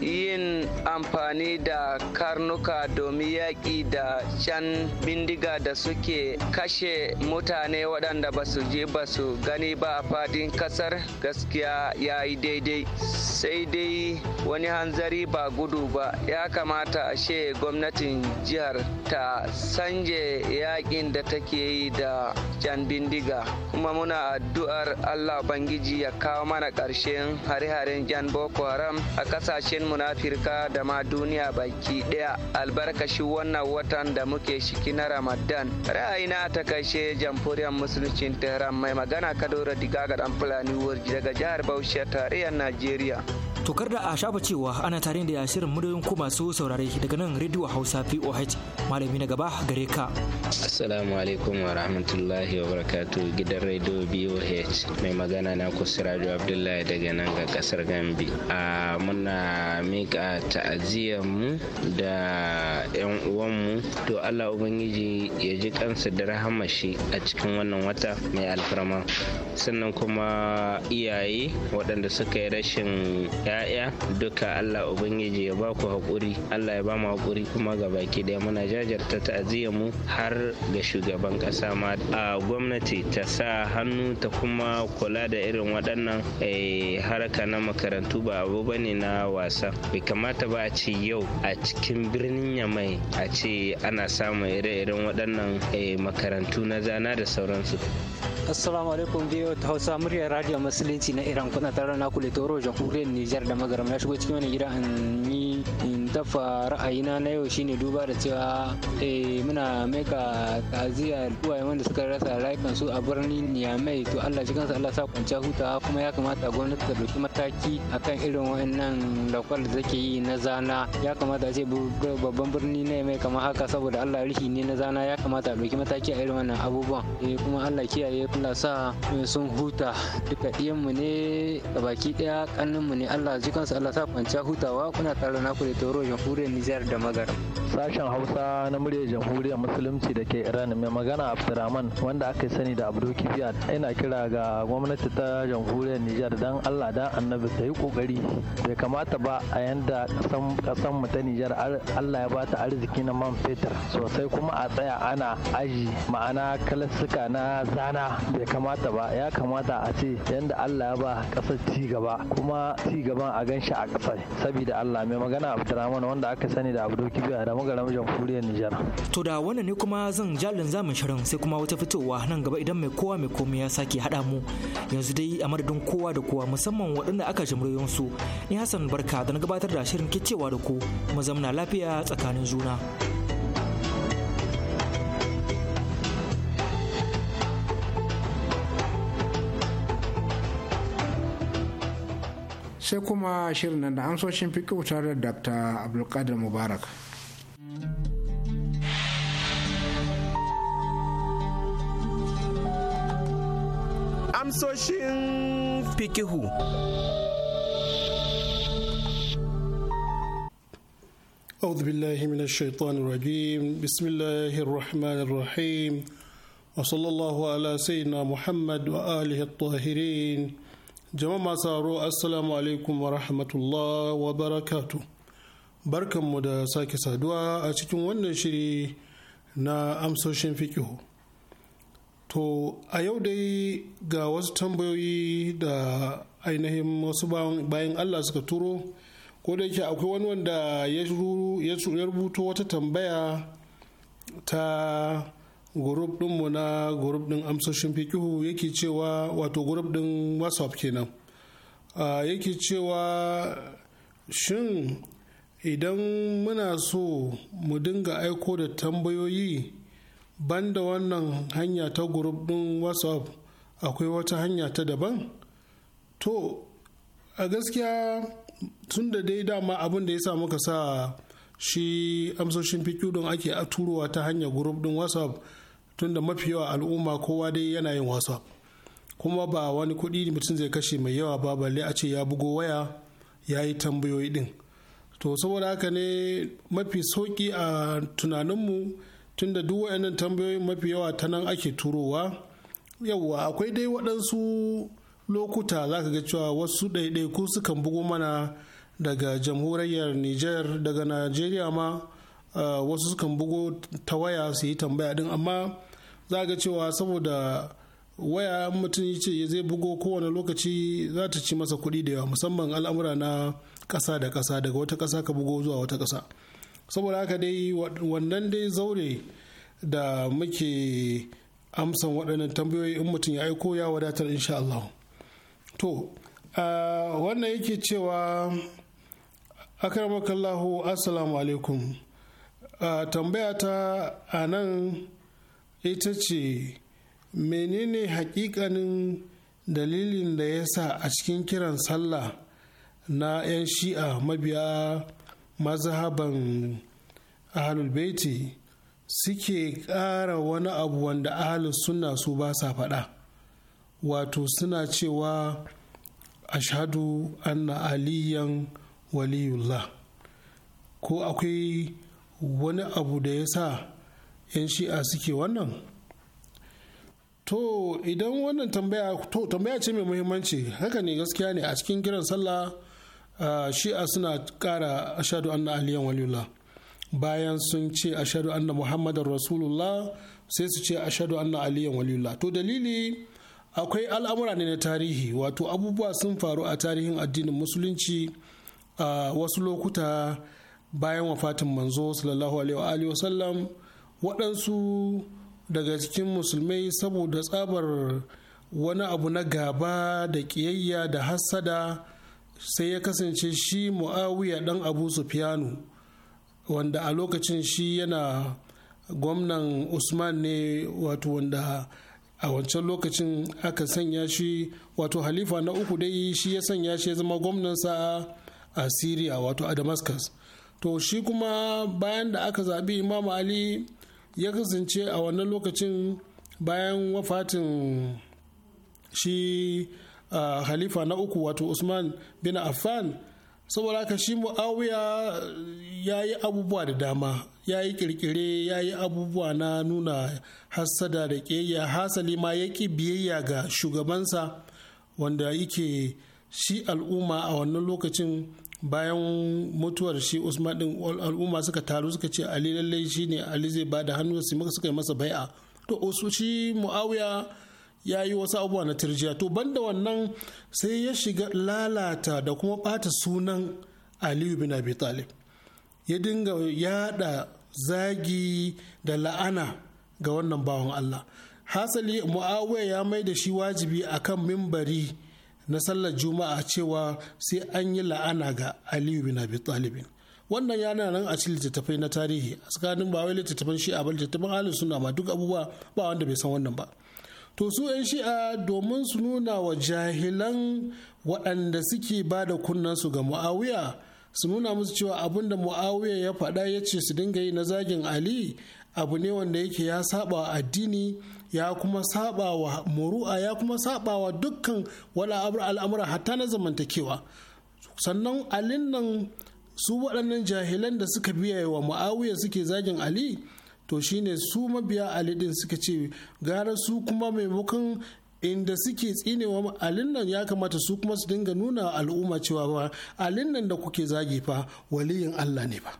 yin amfani da karnuka domin yaƙi da can bindiga da suke kashe mutane waɗanda ba su je ba su gani ba a fadin ƙasar gaskiya ya yi daidai sai dai wani hanzari ba gudu ba ya kamata a she gwamnatin jihar ta sanje yaƙin da take yi da can bindiga kuma muna addu'ar allah bangiji ya kawo mana ƙarshen hare-haren jan boko haram a ƙasashen munafirka da ma duniya baki baki daya albarkashi wannan watan da muke shiki na ramadan ra'ayina ta kashe jamhuriyar musuluncin tehran mai magana kadoro diga ga dan fulani daga jihar bauchi tarayyar najeriya To da a shafa cewa ana tare da shirin muryoyin ku masu saurare daga nan rediyo Hausa VOH malami na gaba gare ka. Assalamu alaikum wa rahmatullahi wa barakatu gidan rediyo VOH mai magana na ku Siraju Abdullahi daga nan ga kasar Gambi. A muna mika ta'aziyar mu da yan mu to Allah ubangiji ya ji kansa da rahama shi a cikin wannan wata mai alfarma. Sannan kuma iyaye waɗanda suka yi rashin ya 'ya'ya duka Allah Ubangiji ya ba ku haƙuri Allah ya ba mu haƙuri kuma ga baki ɗaya muna jajarta ta'aziyya mu har ga shugaban ƙasa ma a gwamnati ta sa hannu ta kuma kula da irin waɗannan eh, haraka na makarantu ba abu ba ne na wasa bai kamata ba a ce yau a cikin birnin yamai a ce ana samun ire-iren waɗannan eh, makarantu na zana da sauransu assalamu alaikum biyu ta hausa muryar radio musulunci na iran kuna tare na kule toro jamhuriyar nijar da magaram na shigo cikin wani gida in yi dafa ra'ayina na yau shine duba da cewa eh, muna maika ta'aziyya uwaye wanda suka rasa rayukan su a birnin Niamey to allah shi kansa allah sa kwanciya hutawa kuma ya kamata gwamnati ta dauki mataki akan irin wa'annan lakwal da take yi na zana ya kamata a ce babban birni ne mai kamar haka saboda allah rihi ne na zana ya kamata a dauki mataki a irin wannan abubuwan eh, kuma allah kiyaye allah sa sun huta duka mu ne baki daya mu ne allah ji kansa allah sa kwanciya hutawa kuna tare na ku da toro jamhuriyar Nijar da Magar. Sashen Hausa na muryar jamhuriyar Musulunci da ke Iran mai magana Abdurrahman wanda aka sani da Abdul Kibiya ina kira ga gwamnati ta jamhuriyar Nijar dan Allah da Annabi ta yi kokari bai kamata ba a yanda kasan mu ta Nijar Allah ya bata arziki na man fetur sosai kuma a tsaya ana aji ma'ana kalassuka na zana bai kamata ba ya kamata a ce yanda Allah ya ba kasar ci gaba kuma ci gaban a ganshi a kasar saboda Allah mai magana Abdurrahman mana wanda aka sani da abu doki kibiya da magaram jamhuriyar nijar to da wannan ne kuma zan jalin zamun shirin sai kuma wata fitowa nan gaba idan mai kowa mai komai ya sake haɗa mu yanzu dai a madadin kowa da kowa musamman waɗanda aka jimriyon su ni hassan barka da na gabatar da shirin kicewa da ku mu zamna lafiya tsakanin juna. sai kuma shirin nan da amsoshin fi tare da dr abdulkadir mubarak amsoshin fikihu أعوذ بالله من الشيطان الرجيم بسم الله الرحمن الرحيم وصلى الله على سيدنا محمد وآله الطاهرين jama'a masu haro assalamu alaikum wa rahmatullah wa barakatu barkanmu da sake saduwa a cikin wannan shiri na amsoshin fikihu to a yau dai ga wasu tambayoyi da ainihin wasu bayan allah suka turo ko da yake akwai wani wanda ya rubuto wata tambaya ta gurub mu na gurub din amsoshin fikihu yake cewa wato gurub ɗin whatsapp kenan yake cewa shin idan muna so mu dinga aiko da tambayoyi banda wannan hanya ta gurub din whatsapp akwai wata hanya ta daban to a gaskiya tun da dai dama abin da ya sa muka sa shi amsoshin fikihu don ake turuwa ta hanya gurub din whatsapp tunda mafi yawa al'umma kowa dai yana yin wasa kuma ba wani kuɗi ne mutum zai kashe mai yawa ba balle a ce ya bugo waya ya yi tambayoyi ɗin to saboda haka ne mafi sauƙi a tunaninmu tunda duk wayannan tambayoyin mafi yawa ta nan ake turowa yawwa akwai dai waɗansu lokuta za ka ga cewa wasu ɗaiɗaiku sukan bugo mana daga jamhuriyar niger daga najeriya ma Eh, wasu sukan bugo ta waya su yi tambaya din amma za ga cewa saboda waya mutum ce zai bugo kowane lokaci za ta ci masa kuɗi da yawa musamman al'amura na ƙasa da ƙasa daga wata ƙasa ka bugo zuwa wata ƙasa saboda haka dai wannan dai zaure da muke amsan waɗannan tambayoyi in mutum ya aiko ya wadatar insha Allah to eh, wannan yake cewa akaramakallahu assalamu alaikum a tambaya ta a nan ita ce menene hakikanin dalilin da ya sa a cikin kiran sallah na 'yan shi'a mabiya mazhaban ahalul baiti suke ƙara wani abu wanda ahalus suna su ba sa faɗa wato suna cewa ashadu anna aliyan waliyullah ko akwai wani abu da ya sa 'yan shi'a suke wannan to idan wannan tambaya to tambaya ce mai muhimmanci haka ne gaskiya ne a cikin kiran sallah shi'a suna kara ashadu anna aliyan waliyullah bayan sun ce ashadu anna muhammadar rasulullah sai su ce ashadu anna aliyan waliyullah to dalili akwai al'amura ne na tarihi wato abubuwa sun faru a tarihin addinin musulunci a wasu lokuta bayan wafatin manzo sallallahu alaihi wa sallam waɗansu daga cikin musulmai saboda tsabar wani abu na gaba da ƙiyayya da hassada sai ya kasance shi mu'awiya ɗan abu sufyanu wanda a lokacin shi yana gwamnan usman ne wato wanda a wancan lokacin aka sanya shi wato halifa na uku dai shi ya sanya shi ya zama gwamnansa a syria wato a damascus to shi kuma bayan da aka zaɓi imam ali ya kasance a wannan lokacin bayan wafatin shi uh, halifa na uku wato usman bin affan saboda haka shi muawiya ya yi abubuwa da dama ya yi kirkire ya yi abubuwa na nuna hassada da ƙeya hasali ma ya ƙi biyayya ga shugabansa wanda yake shi al'umma a wannan lokacin bayan mutuwar shi usman din al'umma suka taru suka ce ali lallai shi ne ali zai ba da hannu su maka suka yi masa bai'a to osu shi muawiya ya yi wasu abubuwa na tirjiya to banda wannan sai ya shiga lalata da kuma bata sunan aliyu bin abi talib ya dinga yada zagi da la'ana ga wannan bawan allah hasali muawiya ya mai da shi wajibi akan mimbari na sallar juma'a cewa sai an yi la'ana ga aliyu bin abi talibin wannan yana nan a cikin littattafai na tarihi a tsakanin ba wai littattafan shi'a ba littattafan halin suna ma duk abubuwa ba wanda bai san wannan ba to su 'yan shi'a domin su nuna wa jahilan waɗanda suke ba da kunnansu ga mu'awiya su nuna musu cewa abin da mu'awiya ya faɗa ya ce su dinga yi na zagin ali abu ne wanda yake ya saba addini ya kuma sabawa muru'a ya kuma sabawa dukkan wala al'amura hatta na zamantakewa sannan alin nan su waɗannan jahilan da suka biya wa mu'awiya suke zagin ali to shine su mabiya ali din suka ce gara su kuma maimakon inda suke tsinewa alin nan ya kamata su kuma su dinga nuna al'umma cewa ba alin nan da kuke zagi fa waliyin allah ne ba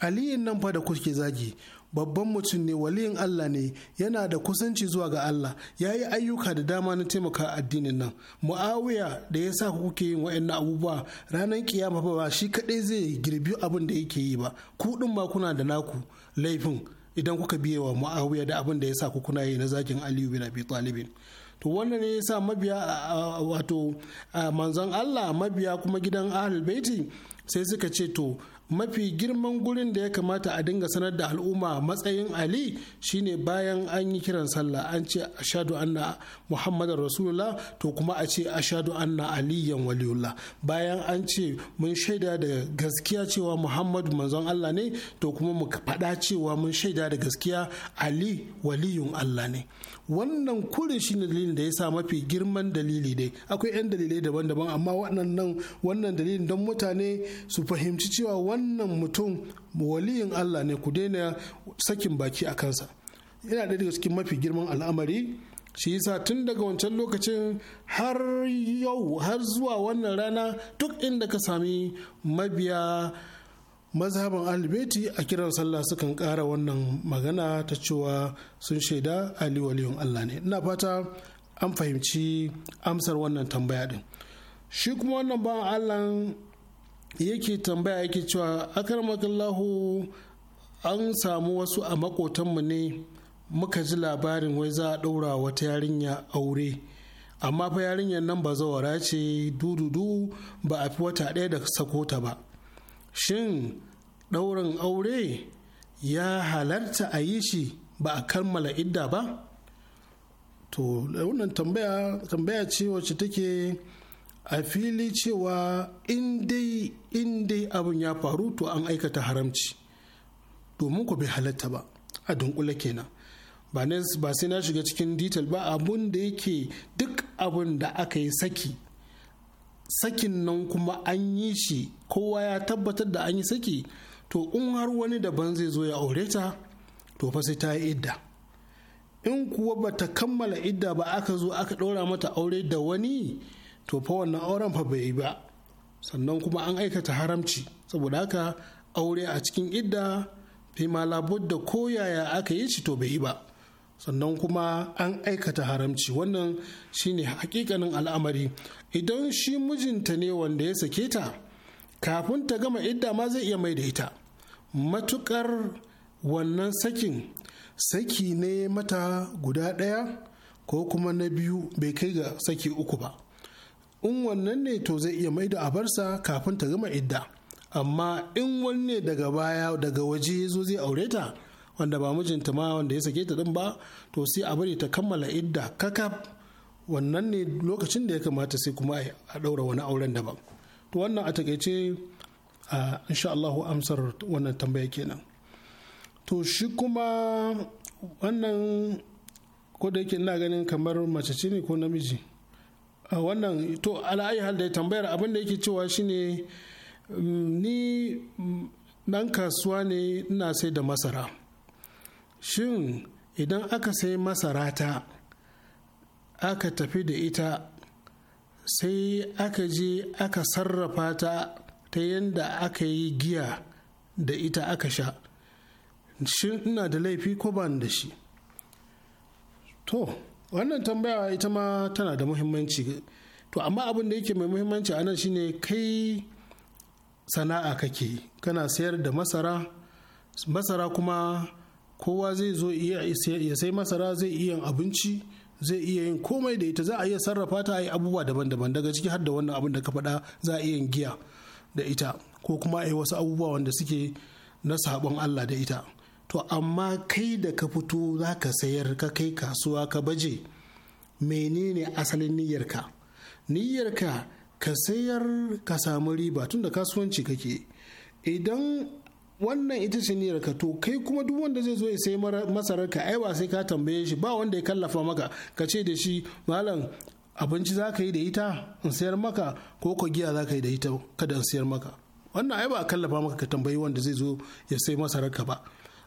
aliyin nan fa da kuke zagi babban mutum ne waliyin Allah ne yana da kusanci zuwa ga Allah ya yi ayyuka da dama na taimaka addinin nan mu'awiya da ya sa kuke yin wa'in abubuwa ranar kiyama ba shi kaɗai zai girbi abin da yake yi ba ku din ma kuna da naku laifin idan kuka biye wa mu'awiya da abin da ya sa ku kuna yi na zakin aliyu bin abi talibin to wannan ne yasa mabiya wato manzon Allah mabiya kuma gidan ahlul baiti sai suka ce to mafi girman gurin da ya kamata a dinga sanar da al'umma matsayin ali shine bayan an yi kiran sallah an ce ashadu anna muhammadar rasulullah to kuma a ce ashadu anna aliyan waliyullah bayan an ce mun shaida da gaskiya cewa muhammadu manzon allah ne to kuma mu faɗa cewa mun shaida da gaskiya ali waliyun allah ne wannan kurin shi ne dalilin da ya sa mafi girman dalili dai akwai 'yan dalilai daban-daban amma waɗannan wannan dalilin don mutane su fahimci cewa wannan mutum waliyin Allah ne ku daina sakin baki a kansa yana ɗaya daga cikin mafi girman al'amari shi yasa tun daga wancan lokacin har yau har zuwa wannan rana duk inda ka sami mabiya mazhaban albeti a kiran sallah sukan kara wannan magana ta cewa sun shaida ali waliyun allah ne ina fata an fahimci amsar wannan tambaya din shi kuma wannan bawan allah yake tambaya yake cewa akarmakallahu an samu wasu a makotanmu ne muka ji labarin wai za a ɗaura wata yarinya aure amma fa yarinyar nan ba zawara ce dududu ba a fi wata ɗaya da sakota ba shin ɗaurin aure ya halarta a yi shi ba a kammala idda ba to wannan tambaya tambaya ce wacce take a fili cewa in dai abin ya faru to an aikata haramci domin ku bai halarta ba a dunkula kenan ba ba sai na shiga cikin detail ba abun da yake duk abun da aka yi saki sakin nan kuma an yi shi kowa ya tabbatar da an yi saki to in har wani daban zai zo ya aure ta to fa sai ta yi idda in kuwa ba ta kammala idda ba aka zo aka ɗora mata aure da wani to fa wannan auren fa bai yi ba sannan kuma an aikata haramci saboda haka aure a cikin idda fi ma da yaya aka yi shi to bai yi ba sannan kuma an aikata haramci wannan shine hakikanin al'amari idan shi mijinta ne wanda ya sake ta kafin ta gama idda ma zai iya mai ita matukar wannan sakin saki ne mata guda ɗaya ko kuma na biyu bai kai ga saki uku ba in wannan ne to zai iya mai da abarsa kafin ta gama idda amma in wanne daga baya daga waje zo zai aure ta wanda ba mijinta ma wanda ya sake ta din ba to sai a bari ta kammala idda kakaf wannan ne lokacin da ya kamata sai kuma a ɗaura wani auren daban. to wannan a takaice a insha Allahu amsar wannan tambaya kenan to shi kuma wannan ko da yake ina ganin kamar mace ce ne ko namiji a wannan to hal da tambayar abin da yake cewa shine ni dan kasuwa ne ina sai da masara shin idan aka sai masara ta aka tafi da ita sai aka je aka sarrafa ta ta yadda aka yi giya da ita aka sha shin ina da laifi ko ba da shi to wannan tambaya ita ma tana da muhimmanci to amma abin da yake mai muhimmanci a nan shine kai sana'a kake kana sayar da masara masara kuma kowa zai zo ya sai masara zai iya abinci zai iya yin komai da ita za a iya sarrafa ta a yi abubuwa daban-daban daga ciki har da wannan abin da ka faɗa za a iya yin giya da ita ko kuma a yi wasu abubuwa wanda suke na sabon Allah da ita to amma kai da ka fito za ka sayar ka kai kasuwa ka baje menene asalin niyyarka niyyarka ka sayar ka samu riba tun da kasuwanci kake idan wannan ita ce niyyar ka to kai kuma duk wanda zai zo ya sai masarar ka ai sai ka tambaye shi ba wanda ya kallafa maka ka ce da shi malam abinci za ka yi da ita in sayar maka ko ka giya za ka yi da ita kada in sayar maka wannan ai ba kallafa maka ka tambayi wanda zai zo ya sai masarar ka ba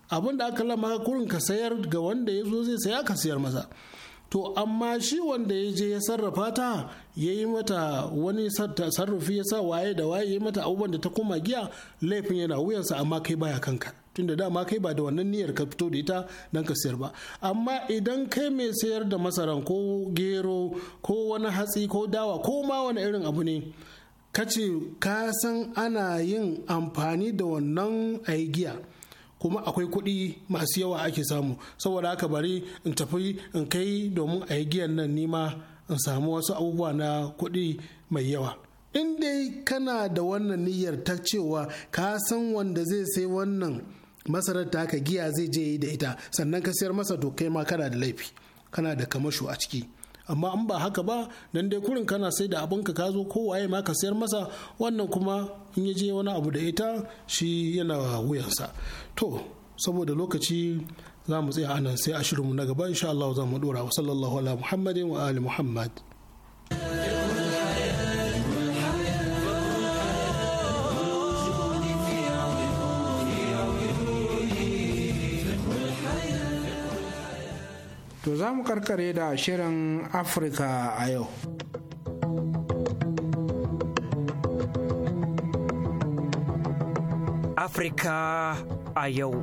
abin da aka kallafa kurin ka sayar ga wanda ya zo zai saya ka sayar masa to amma shi wanda ya je ya sarrafa ta ya yi mata wani sarrafi ya sa waye da waye ya yi mata abubuwan da ta koma giya laifin yana wuyansa amma kai baya kanka tunda dama kai ba da wannan niyyar ka fito da ita don ka siyar ba amma idan kai mai sayar da masaran ko gero ko wani hatsi ko dawa ko ma wani irin abu ne ka ce ka san ana yin amfani da wannan aigiya giya kuma akwai kuɗi masu yawa ake samu saboda haka bari in tafi in kai domin a yi giyan nan nima in samu wasu abubuwa na kuɗi mai yawa in dai kana da wannan niyyar ta cewa ka san wanda zai sai wannan masarar ta ka giya zai je yi da ita sannan ka sayar masa to kai ma kana da laifi kana da kamashu a ciki amma an ba haka ba nan dai kurin kana sai da abinka ka zo ko waye ma ka sayar masa wannan kuma in ya je wani abu da ita shi yana wuyansa to saboda lokaci za mu tsaya anan sai a shirinmu na gaba insha Allah za mu dora wa sallallahu ala muhammadin wa ali muhammad to za mu karkare da shirin afirka a yau afirka a yau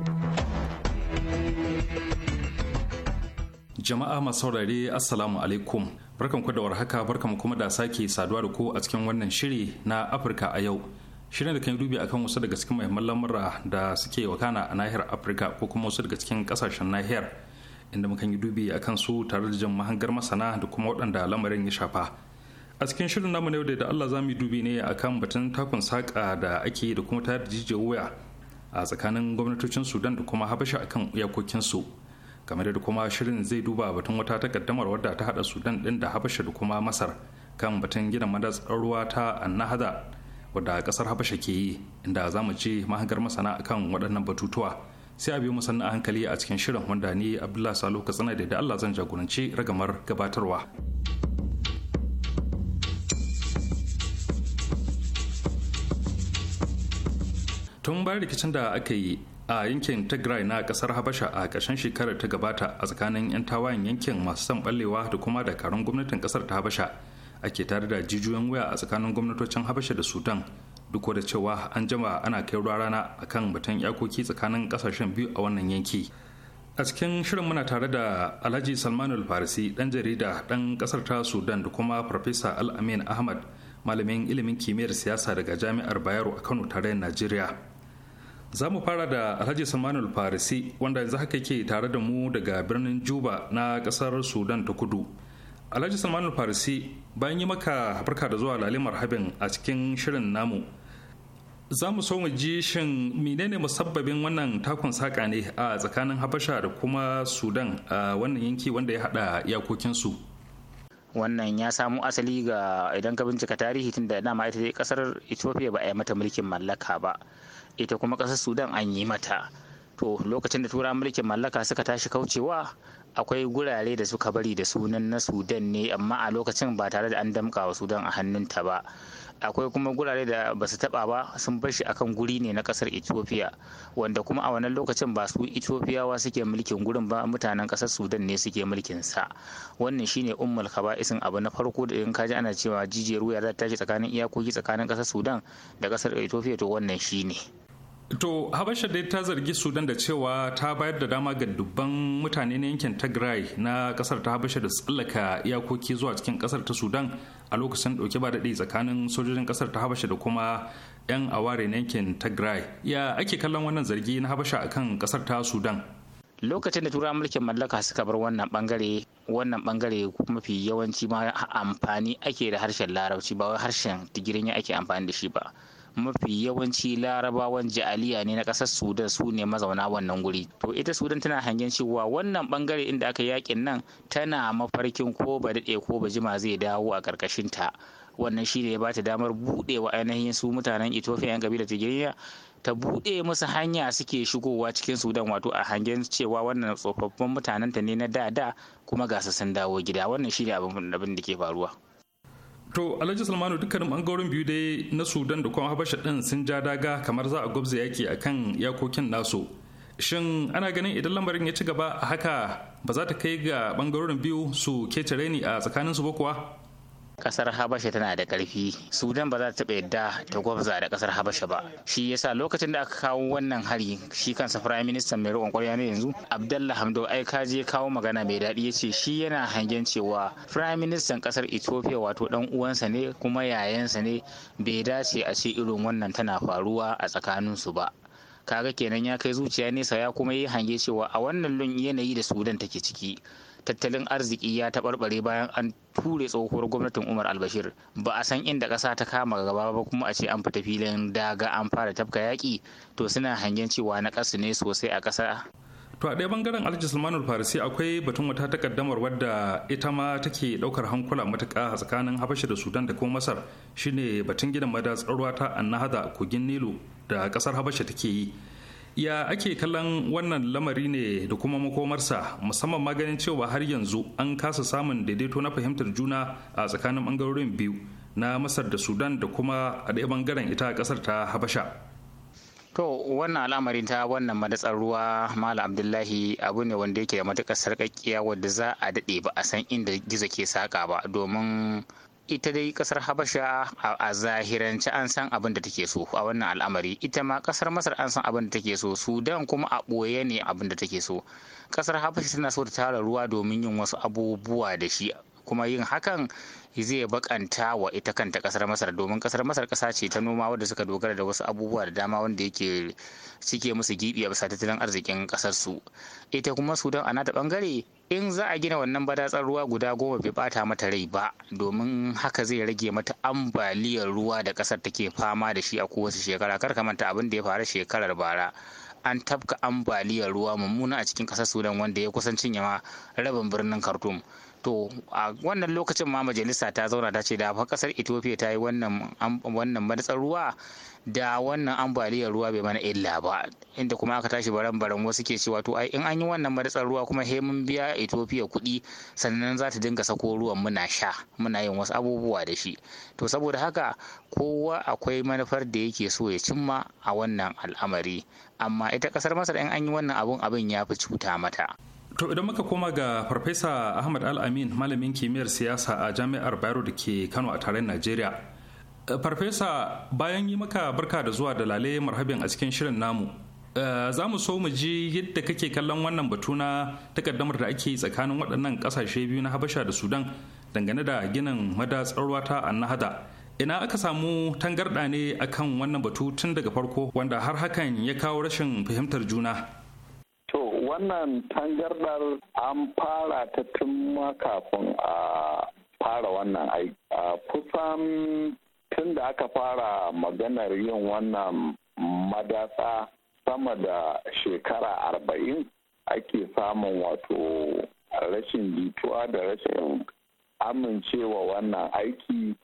jama'a masu saurare assalamu alaikum barkan ku da warhaka barkan kuma da sake saduwa da ku a cikin wannan shiri na afirka a yau shirin da kan yi dubi akan wasu daga cikin muhimman lamura da suke wakana a nahiyar afirka ko kuma wasu daga cikin kasashen nahiyar inda mukan yi dubi a su tare da jan mahangar masana da kuma waɗanda lamarin ya shafa a cikin shirin namu na yau da Allah za mu yi dubi ne a kan batun takun saƙa da ake da kuma tayar da jijiyar wuya a tsakanin gwamnatocin sudan da kuma habasha akan iyakokinsu kamar da kuma shirin zai duba batun wata takaddamar wadda ta hada sudan din da habasha da kuma masar kan batun gidan madatsar ruwa ta annahada wadda kasar habasha ke yi inda za mu ce mahangar masana akan waɗannan batutuwa sai a biyo mu sannan a hankali a cikin shirin wanda ni abdullah salo ka tsana da allah zan jagoranci ragamar gabatarwa tun bayan rikicin da aka yi a yankin tigray na kasar habasha a ƙarshen shekarar ta gabata a tsakanin 'yan tawayen yankin masu son ballewa da kuma dakarun gwamnatin kasar ta habasha ake tare da jijiyoyin waya a tsakanin gwamnatocin habasha da sudan duk da cewa an jima ana kai ruwa rana a kan batun yakoki tsakanin kasashen biyu a wannan yanki a cikin shirin muna tare da alhaji Salmanu farisi dan jarida dan kasar ta sudan da kuma farfesa al-amin ahmad malamin ilimin kimiyyar siyasa daga jami'ar bayero a kano tarayyar najeriya za mu fara da alhaji salmanul farisi wanda yanzu haka ke tare da mu daga birnin juba na kasar sudan ta kudu alhaji Salmanu farisi bayan yi maka barka da zuwa lalimar habin a cikin shirin namu za mu so mu ji shin menene musabbabin wannan takon saƙa ne a tsakanin habasha da kuma sudan a wannan yanki wanda ya haɗa iyakokinsu wannan ya samu asali ga idan ka bincika tarihi tun da dama ita kasar ethiopia ba a yi mata mulkin mallaka ba ita kuma kasar sudan an yi mata to lokacin da tura mulkin mallaka suka tashi kaucewa akwai gurare da suka bari da sunan na sudan ne amma a lokacin ba tare da an damƙa wa sudan a hannunta ba akwai kuma gurare da ba su taba ba sun bar shi akan guri ne na kasar ethiopia wanda kuma a wannan lokacin ba su ethiopiawa suke mulkin gurin ba mutanen kasar sudan ne suke mulkin sa wannan shine ummul kaba'isin abu na farko da in kaji ana cewa jijiyar wuya za ta tashi tsakanin iyakoki tsakanin kasar sudan da kasar ethiopia to wannan shine To Habasha dai ta zargi Sudan da cewa ta bayar da dama ga dubban mutane na yankin Tigray na kasar ta Habasha da tsallaka iyakoki zuwa cikin kasar ta Sudan a lokacin dauke ba daɗi tsakanin sojojin kasar ta Habasha da kuma 'yan aware na yankin Tigray. Ya ake kallon wannan zargi na Habasha akan kasar ta Sudan? Lokacin da Turawa mulkin mallaka suka bar wannan bangare, wannan bangare mafi yawanci ma amfani ake da harshen Larabci ba wai harshen Tigirinya ake amfani da shi ba. mafi yawanci larabawan ja'aliya ne na ƙasar sudan su ne mazauna wannan guri to ita sudan tana hangen cewa wannan bangare inda aka yakin nan tana mafarkin ko ba daɗe ko ba jima zai dawo a ƙarƙashin ta. wannan shi ne ya bata damar buɗewa ainihin su mutanen ethiopia yan kabilar tigiriya ta buɗe musu hanya suke shigowa cikin sudan wato a hangen cewa wannan tsofaffin mutanenta ne na da da kuma ga su sun dawo gida wannan shi ne abin da ke faruwa to alhaji salmanu dukkanin bangarorin biyu dai na sudan da kuma habasha din sun ja daga kamar za a gwabza yaki kan yakokin nasu shin ana ganin idan lamarin ya ci gaba a haka ba za ta kai ga bangarorin biyu su kece ni a tsakaninsu ba kuwa kasar habasha tana da karfi sudan ba za ta yadda ta gwabza da kasar habasha ba shi yasa lokacin da aka kawo wannan hari shi kansa firayim ministan mai roƙon ƙwarya ne yanzu abdalla hamdo ai ka je kawo magana mai daɗi ya ce shi yana hangen cewa firayim ministan kasar ethiopia wato dan uwansa ne kuma yayansa ne bai dace a ce irin wannan tana faruwa a tsakaninsu ba kaga kenan ya kai zuciya nesa ya kuma yi hange cewa a wannan yanayi da sudan take ciki tattalin arziki ya taɓarɓare bayan an ture tsohuwar gwamnatin umar albashir ba a san inda ƙasa ta kama gaba ba kuma a ce an fita filin daga an fara tafka yaƙi to suna hangen cewa na ƙasa ne sosai a ƙasa to a ɗaya bangaren alhaji sulmanul farisi akwai batun wata takaddamar wadda ita ma take ɗaukar hankula matuƙa a tsakanin habasha da sudan da kuma masar shine batun gidan madatsar ruwa ta annahada kogin nilu da ƙasar habasha take yi ya ake kallon wannan lamari ne da kuma makomarsa musamman maganin cewa har yanzu an kasa samun daidaito na fahimtar juna a tsakanin bangarorin biyu na masar da sudan da kuma a ɗaya bangaren ita kasar ta habasha To wannan al'amarin ta wannan madatsar ruwa Malam Abdullahi abu ne wanda yake da matuƙar sarƙaƙiya wadda za a daɗe ba a san inda gizo ke saƙa ba domin ita dai kasar habasha a zahirance an san abin da take so a wannan al'amari ita ma kasar masar an san abin da take so sudan kuma a ɓoye ne abin da take so kasar habasha tana so ta tara ruwa domin yin wasu abubuwa da shi kuma yin hakan zai bakanta wa ita kanta kasar masar domin kasar masar kasa ce ta noma wadda suka dogara da wasu abubuwa da dama wanda yake cike musu gibi a bisa tattalin arzikin kasar su ita kuma sudan ana nata bangare in za a gina wannan badatsar ruwa guda goma bai bata mata rai ba domin haka zai rage mata ambaliyar ruwa da kasar take fama da shi a kowace shekara kar ka manta abin da ya faru shekarar bara an tafka ambaliyar ruwa mummuna a cikin kasar sudan wanda ya kusan cinye ma rabin birnin khartoum to a wannan lokacin ma majalisa ta zauna ta ce da fa kasar ethiopia ta yi wannan madatsar ruwa da wannan ambaliyar ruwa bai mana illa ba inda kuma aka tashi baran baran wasu ke cewa to ai in an yi wannan madatsar ruwa kuma he mun biya ethiopia kuɗi sannan za ta dinga sako ruwan muna sha muna yin wasu abubuwa da shi to saboda haka kowa akwai manufar da yake so ya cimma a wannan al'amari amma ita kasar masar in an yi wannan abun abin ya fi cuta mata to idan muka koma ga farfesa ahmad al-amin malamin kimiyyar siyasa a jami'ar bayero da ke kano a tarayyar najeriya eh, farfesa bayan yi maka barka da zuwa da lale marhabin a cikin shirin namu eh, za mu so mu ji yadda kake kallon wannan batu na takaddamar da ake tsakanin waɗannan ƙasashe biyu na habasha da sudan dangane da ginin madatsar ruwa ta annahada ina aka samu tangarɗa ne akan wannan batu tun daga farko wanda har hakan ya kawo rashin fahimtar juna wannan tangarɗar an fara ta tun kafin a fara wannan aiki kusan tun da aka fara maganar yin wannan madasa sama da shekara arba'in ake samun wato rashin jituwa da rashin amincewa wannan aiki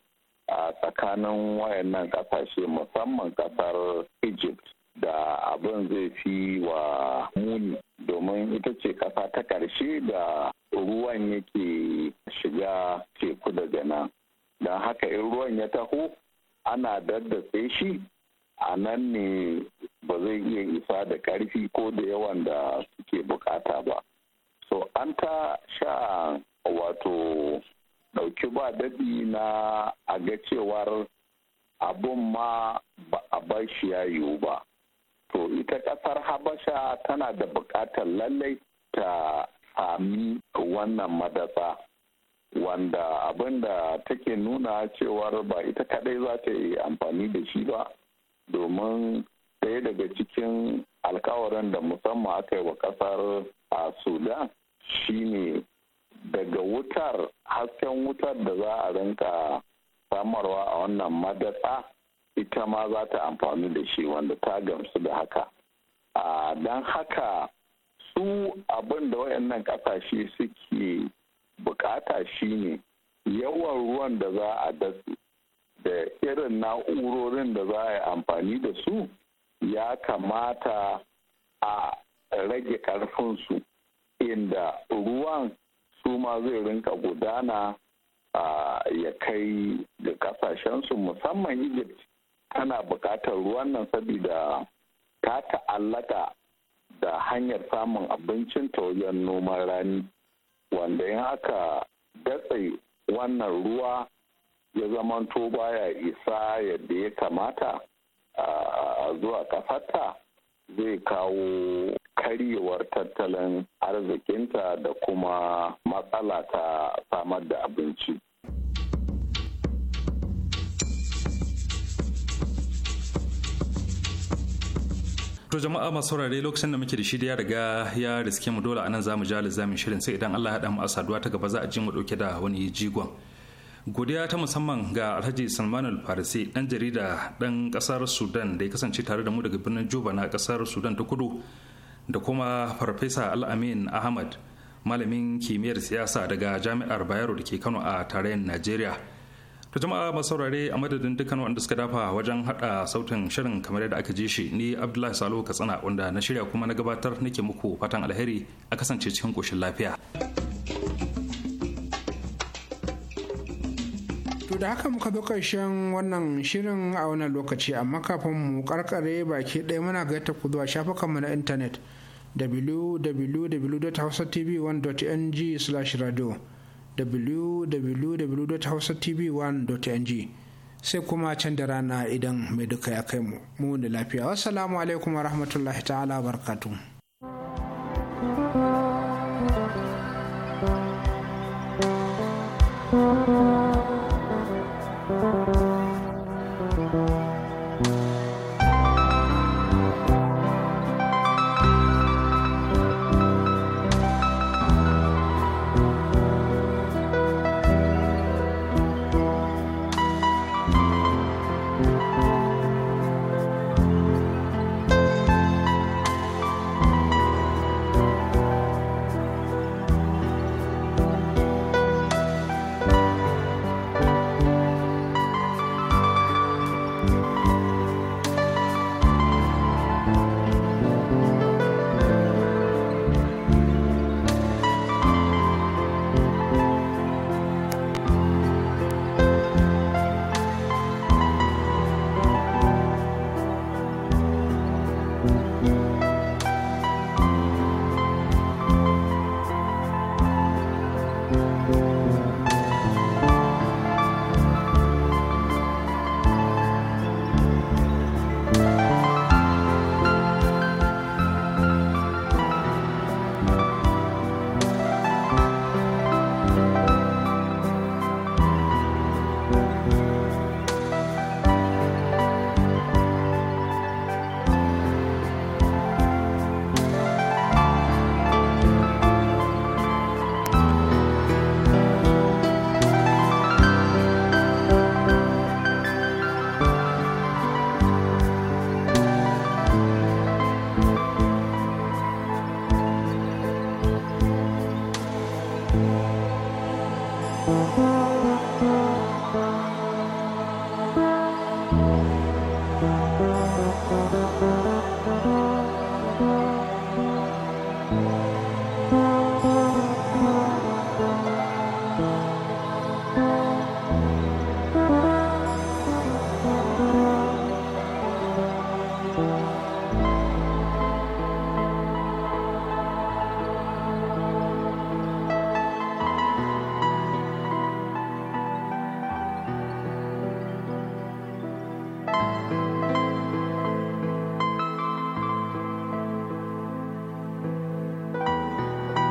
a tsakanin wayannan kasashe musamman kasar egypt da abin zai fi wa muni domin ita ce kasa ta ƙarshe da ruwan yake shiga teku daga nan don haka in ruwan ya taho ana daddatse shi a nan ne ba zai iya isa da karfi ko da yawan da suke bukata ba so an ta sha wato ɗauki ba daɗi na a ga cewar abun ma ba a bar shi ya yiwu ba to ita ƙasar habasha tana da buƙatar lallai ta sami wannan madatsa wanda abin da take nuna cewar ba ita kadai za ta yi amfani da shi ba domin ɗaya daga cikin alkawarin da musamman aka yi wa ƙasar a sudan shine daga wutar hasken wutar da za a rinka samarwa a wannan madatsa ita ma za ta amfani da shi wanda ta gamsu da haka a don haka su abin da waɗannan kasashe suke bukata ne yawan ruwan da za a dasu da irin na'urorin da za a yi amfani da su ya kamata a rage ƙarfinsu inda ruwan su ma zai rinka gudana ya kai ga ƙasashensu musamman egypt ana buƙatar ruwan nan saboda ta ta'allaka da hanyar samun abincin tauyen noman rani wanda in aka datse wannan ruwa ya zamanto baya isa yadda ya kamata a zuwa ƙasarta zai kawo karyewar tattalin arzikinta da kuma matsala ta samar da abinci to jama'a masu saurare lokacin da muke da shi ya riga ya riske mu dole anan zamu ji alizamin shirin sai idan Allah ya haɗa mu a saduwa ta gaba za a ji mu dauke da wani jigon godiya ta musamman ga alhaji salman al-farisi dan jarida dan kasar sudan da ya kasance tare da mu daga birnin juba na kasar sudan ta kudu da kuma farfesa al-amin ahmad malamin kimiyyar siyasa daga jami'ar bayero da ke kano a tarayyar najeriya ta jama'a masu saurare a madadin dukkan wanda suka dafa wajen hada sautin shirin kamar yadda aka ji shi ni abdullahi salo katsina wanda na shirya kuma na gabatar nake muku fatan alheri a kasance cikin koshin lafiya to da haka muka zo karshen wannan shirin a wannan lokaci amma kafin mu karkare baki ɗaya muna gaita ku zuwa shafukanmu na intanet www.hausatv1.ng/radio www.hausatv1.ng sai kuma can da rana idan mai duka ya kai mu mu lafiya wasu alaikum wa rahmatullahi ta'ala barkatu